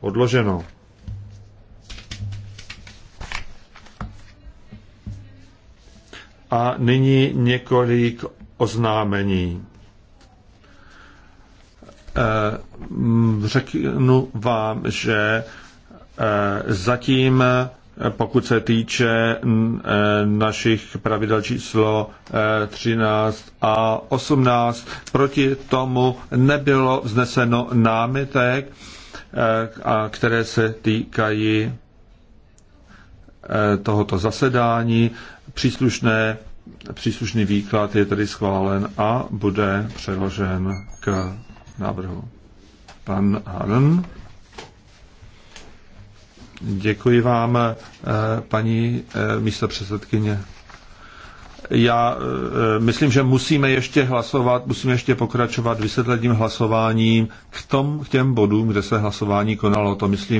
odloženo. A nyní několik oznámení. Eh, řeknu vám, že eh, zatím pokud se týče e, našich pravidel číslo 13 e, a 18. Proti tomu nebylo vzneseno námitek, e, které se týkají tohoto zasedání. Příslušné, příslušný výklad je tedy schválen a bude přeložen k návrhu. Pan Harn. Děkuji vám, eh, paní eh, místo předsedkyně. Já eh, myslím, že musíme ještě hlasovat, musíme ještě pokračovat vysvětlením hlasováním k, tom, k těm bodům, kde se hlasování konalo. To myslím